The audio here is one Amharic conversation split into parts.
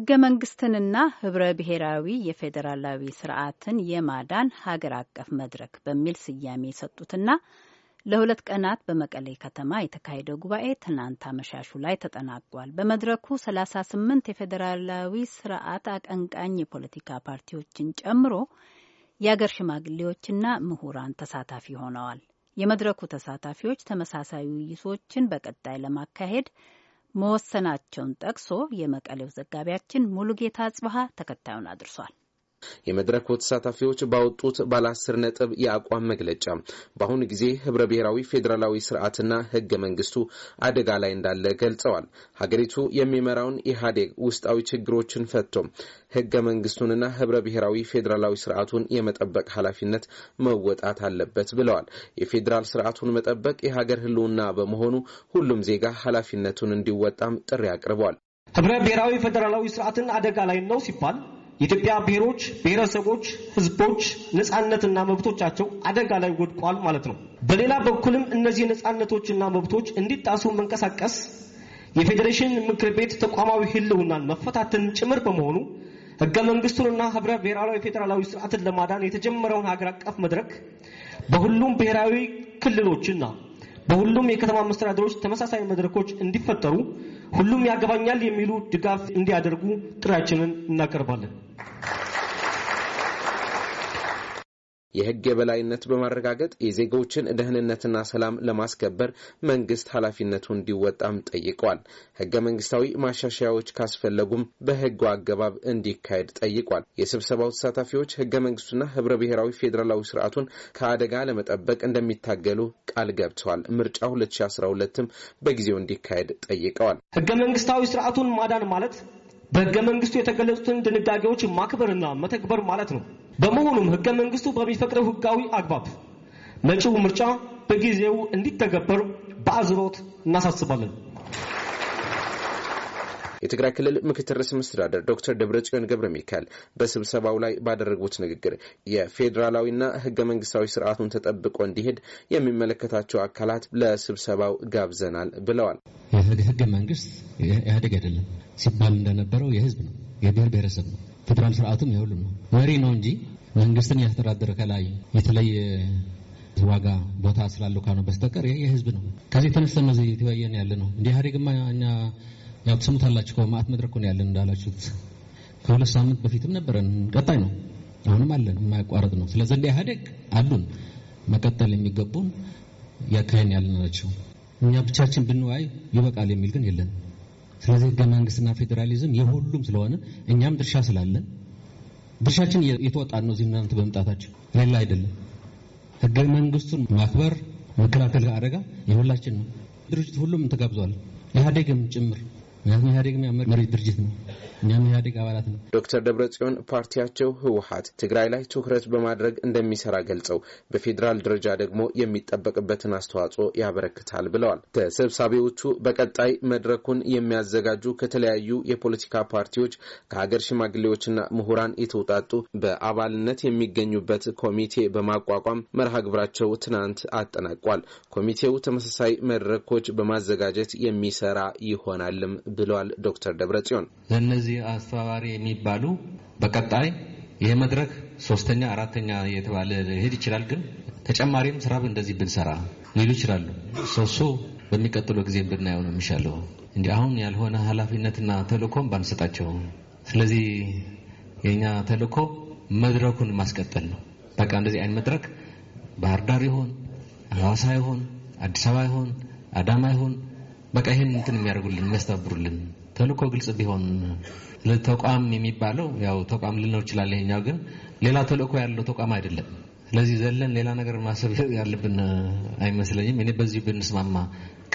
ህገ መንግስትንና ህብረ ብሔራዊ የፌዴራላዊ ስርዓትን የማዳን ሀገር አቀፍ መድረክ በሚል ስያሜ የሰጡትና ለሁለት ቀናት በመቀሌ ከተማ የተካሄደው ጉባኤ ትናንት አመሻሹ ላይ ተጠናቋል። በመድረኩ 38 የፌዴራላዊ ስርዓት አቀንቃኝ የፖለቲካ ፓርቲዎችን ጨምሮ የአገር ሽማግሌዎችና ምሁራን ተሳታፊ ሆነዋል። የመድረኩ ተሳታፊዎች ተመሳሳይ ውይይቶችን በቀጣይ ለማካሄድ መወሰናቸውን ጠቅሶ የመቀሌው ዘጋቢያችን ሙሉጌታ አጽብሃ ተከታዩን አድርሷል። የመድረኩ ተሳታፊዎች ባወጡት ባለ አስር ነጥብ የአቋም መግለጫ በአሁኑ ጊዜ ህብረ ብሔራዊ ፌዴራላዊ ስርዓትና ህገ መንግስቱ አደጋ ላይ እንዳለ ገልጸዋል። ሀገሪቱ የሚመራውን ኢህአዴግ ውስጣዊ ችግሮችን ፈቶ ህገ መንግስቱንና ህብረ ብሔራዊ ፌዴራላዊ ስርዓቱን የመጠበቅ ኃላፊነት መወጣት አለበት ብለዋል። የፌዴራል ስርዓቱን መጠበቅ የሀገር ህልውና በመሆኑ ሁሉም ዜጋ ኃላፊነቱን እንዲወጣም ጥሪ አቅርበዋል። ህብረ ብሔራዊ ፌዴራላዊ ስርዓትን አደጋ ላይ ነው ሲባል የኢትዮጵያ ብሔሮች፣ ብሔረሰቦች፣ ህዝቦች ነፃነትና መብቶቻቸው አደጋ ላይ ወድቋል ማለት ነው። በሌላ በኩልም እነዚህ ነፃነቶችና መብቶች እንዲጣሱ መንቀሳቀስ የፌዴሬሽን ምክር ቤት ተቋማዊ ህልውናን መፈታትን ጭምር በመሆኑ ህገ መንግስቱንና ህብረ ብሔራዊ ፌዴራላዊ ስርዓትን ለማዳን የተጀመረውን ሀገር አቀፍ መድረክ በሁሉም ብሔራዊ ክልሎችና በሁሉም የከተማ መስተዳደሮች ተመሳሳይ መድረኮች እንዲፈጠሩ ሁሉም ያገባኛል የሚሉ ድጋፍ እንዲያደርጉ ጥሪያችንን እናቀርባለን። የህግ የበላይነት በማረጋገጥ የዜጎችን ደህንነትና ሰላም ለማስከበር መንግስት ኃላፊነቱን እንዲወጣም ጠይቀዋል። ህገ መንግስታዊ ማሻሻያዎች ካስፈለጉም በህጉ አገባብ እንዲካሄድ ጠይቋል። የስብሰባው ተሳታፊዎች ህገ መንግስቱና ህብረ ብሔራዊ ፌዴራላዊ ስርዓቱን ከአደጋ ለመጠበቅ እንደሚታገሉ ቃል ገብተዋል። ምርጫ 2012ም በጊዜው እንዲካሄድ ጠይቀዋል። ህገ መንግስታዊ ስርዓቱን ማዳን ማለት በህገ መንግስቱ የተገለጹትን ድንጋጌዎች ማክበርና መተግበር ማለት ነው። በመሆኑም ህገ መንግስቱ በሚፈቅደው ህጋዊ አግባብ መጪው ምርጫ በጊዜው እንዲተገበር በአዝሮት እናሳስባለን። የትግራይ ክልል ምክትል ርዕሰ መስተዳደር ዶክተር ደብረጽዮን ገብረ ሚካኤል በስብሰባው ላይ ባደረጉት ንግግር የፌዴራላዊና ህገ መንግስታዊ ስርዓቱን ተጠብቆ እንዲሄድ የሚመለከታቸው አካላት ለስብሰባው ጋብዘናል ብለዋል። ህገ መንግስት ኢህአዴግ አይደለም ሲባል እንደነበረው የህዝብ ነው፣ የብሔር ብሔረሰብ ነው ፌዴራል ስርዓቱም የሁሉም ነው። መሪ ነው እንጂ መንግስትን ያስተዳደረ ከላይ የተለየ ዋጋ ቦታ ስላለው ካልሆነ በስተቀር ይሄ የህዝብ ነው። ከዚህ የተነሳ ነው የተወያየን ያለ ነው። እንደ ኢህአዴግማ እኛ ያው ትሰሙታላችሁ እኮ መድረክ ነው ያለን እንዳላችሁት ከሁለት ሳምንት በፊትም ነበረን። ቀጣይ ነው አሁንም አለን የማያቋረጥ ነው። ስለዚህ እንደ ኢህአዴግ አሉን መቀጠል የሚገቡን ያካሄን ያለን ናቸው። እኛ ብቻችን ብንወያይ ይበቃል የሚል ግን የለን። ስለዚህ ህገ መንግስትና ፌዴራሊዝም የሁሉም ስለሆነ እኛም ድርሻ ስላለን ድርሻችን የተወጣን ነው። እዚህ እናንተ በመምጣታችን ሌላ አይደለም። ህገ መንግስቱን ማክበር መከላከል አደጋ የሁላችን ነው። ድርጅት ሁሉም ተጋብዟል፣ ኢህአዴግም ጭምር ምክንያቱም ኢህአዴግ መሪ ድርጅት ነው። እኛም ኢህአዴግ አባላት ነው። ዶክተር ደብረጽዮን ፓርቲያቸው ህወሀት ትግራይ ላይ ትኩረት በማድረግ እንደሚሰራ ገልጸው በፌዴራል ደረጃ ደግሞ የሚጠበቅበትን አስተዋጽኦ ያበረክታል ብለዋል። ተሰብሳቢዎቹ በቀጣይ መድረኩን የሚያዘጋጁ ከተለያዩ የፖለቲካ ፓርቲዎች ከሀገር ሽማግሌዎችና ምሁራን የተውጣጡ በአባልነት የሚገኙበት ኮሚቴ በማቋቋም መርሃ ግብራቸው ትናንት አጠናቋል። ኮሚቴው ተመሳሳይ መድረኮች በማዘጋጀት የሚሰራ ይሆናልም ብለዋል ዶክተር ደብረጽዮን። ለእነዚህ አስተባባሪ የሚባሉ በቀጣይ ይህ መድረክ ሶስተኛ አራተኛ የተባለ ሄድ ይችላል። ግን ተጨማሪም ስራ እንደዚህ ብንሰራ ሊሉ ይችላሉ። ሰሱ በሚቀጥለው ጊዜ ብናየው ነው የሚሻለው እንጂ አሁን ያልሆነ ኃላፊነትና ተልእኮም ባንሰጣቸው። ስለዚህ የእኛ ተልእኮ መድረኩን ማስቀጠል ነው። በቃ እንደዚህ አይነት መድረክ ባህር ዳር ይሆን፣ ሐዋሳ ይሆን፣ አዲስ አበባ ይሆን፣ አዳማ ይሆን በቃ ይህን እንትን የሚያደርጉልን የሚያስተባብሩልን ተልእኮ ግልጽ ቢሆን ተቋም የሚባለው ያው ተቋም ልነው ይችላል። ይሄኛው ግን ሌላ ተልእኮ ያለው ተቋም አይደለም። ስለዚህ ዘለን ሌላ ነገር ማሰብ ያለብን አይመስለኝም። እኔ በዚህ ብንስማማ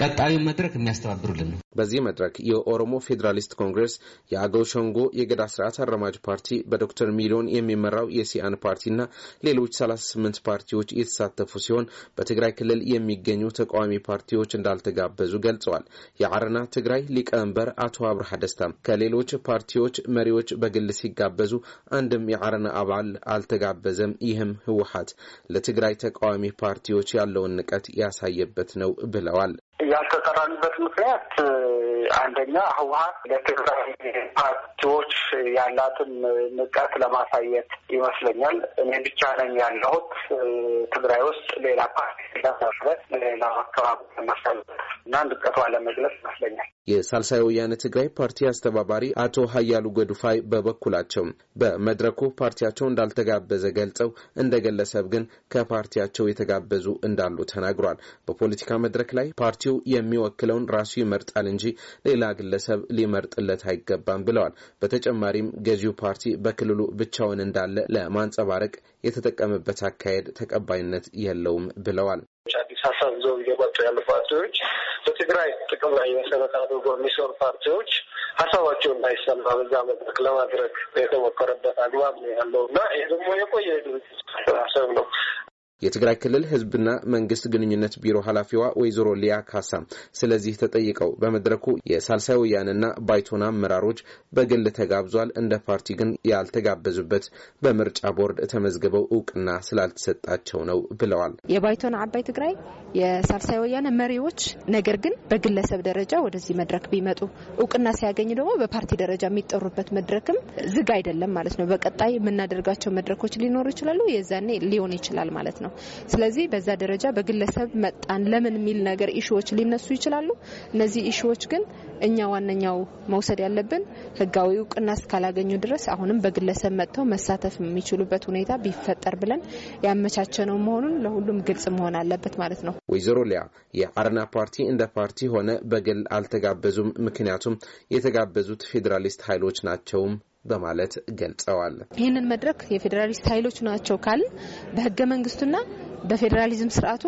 ቀጣዩ መድረክ የሚያስተባብሩልን ነው። በዚህ መድረክ የኦሮሞ ፌዴራሊስት ኮንግረስ የአገው ሸንጎ፣ የገዳ ስርዓት አራማጅ ፓርቲ፣ በዶክተር ሚሊዮን የሚመራው የሲአን ፓርቲና ሌሎች 38 ፓርቲዎች የተሳተፉ ሲሆን በትግራይ ክልል የሚገኙ ተቃዋሚ ፓርቲዎች እንዳልተጋበዙ ገልጸዋል። የአረና ትግራይ ሊቀመንበር አቶ አብርሃ ደስታም ከሌሎች ፓርቲዎች መሪዎች በግል ሲጋበዙ አንድም የአረና አባል አልተጋበዘም። ይህም ህወሀት ለትግራይ ተቃዋሚ ፓርቲዎች ያለውን ንቀት ያሳየበት ነው ብለዋል። ያልተጠራንበት ምክንያት አንደኛ ህወሀት ለትግራይ ፓርቲዎች ያላትን ንቀት ለማሳየት ይመስለኛል። እኔ ብቻ ነኝ ያለሁት ትግራይ ውስጥ ሌላ ፓርቲ ለመመስረት ሌላ አካባቢ ለመሳለ እና ንቀቷ ለመግለጽ ይመስለኛል። የሳልሳይ ወያነ ትግራይ ፓርቲ አስተባባሪ አቶ ሀያሉ ገዱፋይ በበኩላቸው በመድረኩ ፓርቲያቸው እንዳልተጋበዘ ገልጸው እንደ ግለሰብ ግን ከፓርቲያቸው የተጋበዙ እንዳሉ ተናግሯል። በፖለቲካ መድረክ ላይ ፓርቲው የሚወክለውን ራሱ ይመርጣል እንጂ ሌላ ግለሰብ ሊመርጥለት አይገባም ብለዋል። በተጨማሪም ገዢው ፓርቲ በክልሉ ብቻውን እንዳለ ለማንጸባረቅ የተጠቀመበት አካሄድ ተቀባይነት የለውም ብለዋል። አዲስ ሀሳብ ይዘው እየመጡ ያሉ ፓርቲዎች በትግራይ ጥቅም ላይ መሰረት አድርጎ የሚሰሩ ፓርቲዎች ሀሳባቸው እንዳይሰማ በዛ መድረክ ለማድረግ የተሞከረበት አግባብ ነው ያለው እና ይህ ደግሞ የቆየ ድርጅት አሰብ ነው። የትግራይ ክልል ህዝብና መንግስት ግንኙነት ቢሮ ኃላፊዋ ወይዘሮ ሊያ ካሳ ስለዚህ ተጠይቀው በመድረኩ የሳልሳይ ወያንና ባይቶና አመራሮች በግል ተጋብዟል፣ እንደ ፓርቲ ግን ያልተጋበዙበት በምርጫ ቦርድ ተመዝግበው እውቅና ስላልተሰጣቸው ነው ብለዋል። የባይቶና አባይ ትግራይ የሳልሳይ ወያነ መሪዎች ነገር ግን በግለሰብ ደረጃ ወደዚህ መድረክ ቢመጡ እውቅና ሲያገኝ ደግሞ በፓርቲ ደረጃ የሚጠሩበት መድረክም ዝግ አይደለም ማለት ነው። በቀጣይ የምናደርጋቸው መድረኮች ሊኖሩ ይችላሉ። የዛኔ ሊሆን ይችላል ማለት ነው። ነው። ስለዚህ በዛ ደረጃ በግለሰብ መጣን ለምን የሚል ነገር ኢሹዎች ሊነሱ ይችላሉ። እነዚህ ኢሹዎች ግን እኛ ዋነኛው መውሰድ ያለብን ህጋዊ እውቅና እስካላገኙ ድረስ አሁንም በግለሰብ መጥተው መሳተፍ የሚችሉበት ሁኔታ ቢፈጠር ብለን ያመቻቸነው መሆኑን ለሁሉም ግልጽ መሆን አለበት ማለት ነው። ወይዘሮ ሊያ የአረና ፓርቲ እንደ ፓርቲ ሆነ በግል አልተጋበዙም፣ ምክንያቱም የተጋበዙት ፌዴራሊስት ኃይሎች ናቸውም በማለት ገልጸዋል። ይህንን መድረክ የፌዴራሊስት ኃይሎች ናቸው ካል በህገ መንግስቱና በፌዴራሊዝም ስርዓቱ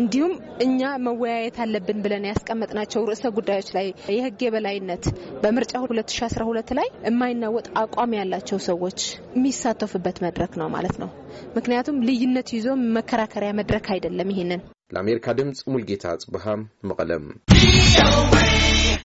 እንዲሁም እኛ መወያየት አለብን ብለን ያስቀመጥናቸው ርዕሰ ጉዳዮች ላይ የህግ የበላይነት በምርጫ 2012 ላይ የማይናወጥ አቋም ያላቸው ሰዎች የሚሳተፉበት መድረክ ነው ማለት ነው። ምክንያቱም ልዩነት ይዞ መከራከሪያ መድረክ አይደለም። ይህንን ለአሜሪካ ድምጽ ሙልጌታ አጽብሃም መቀለም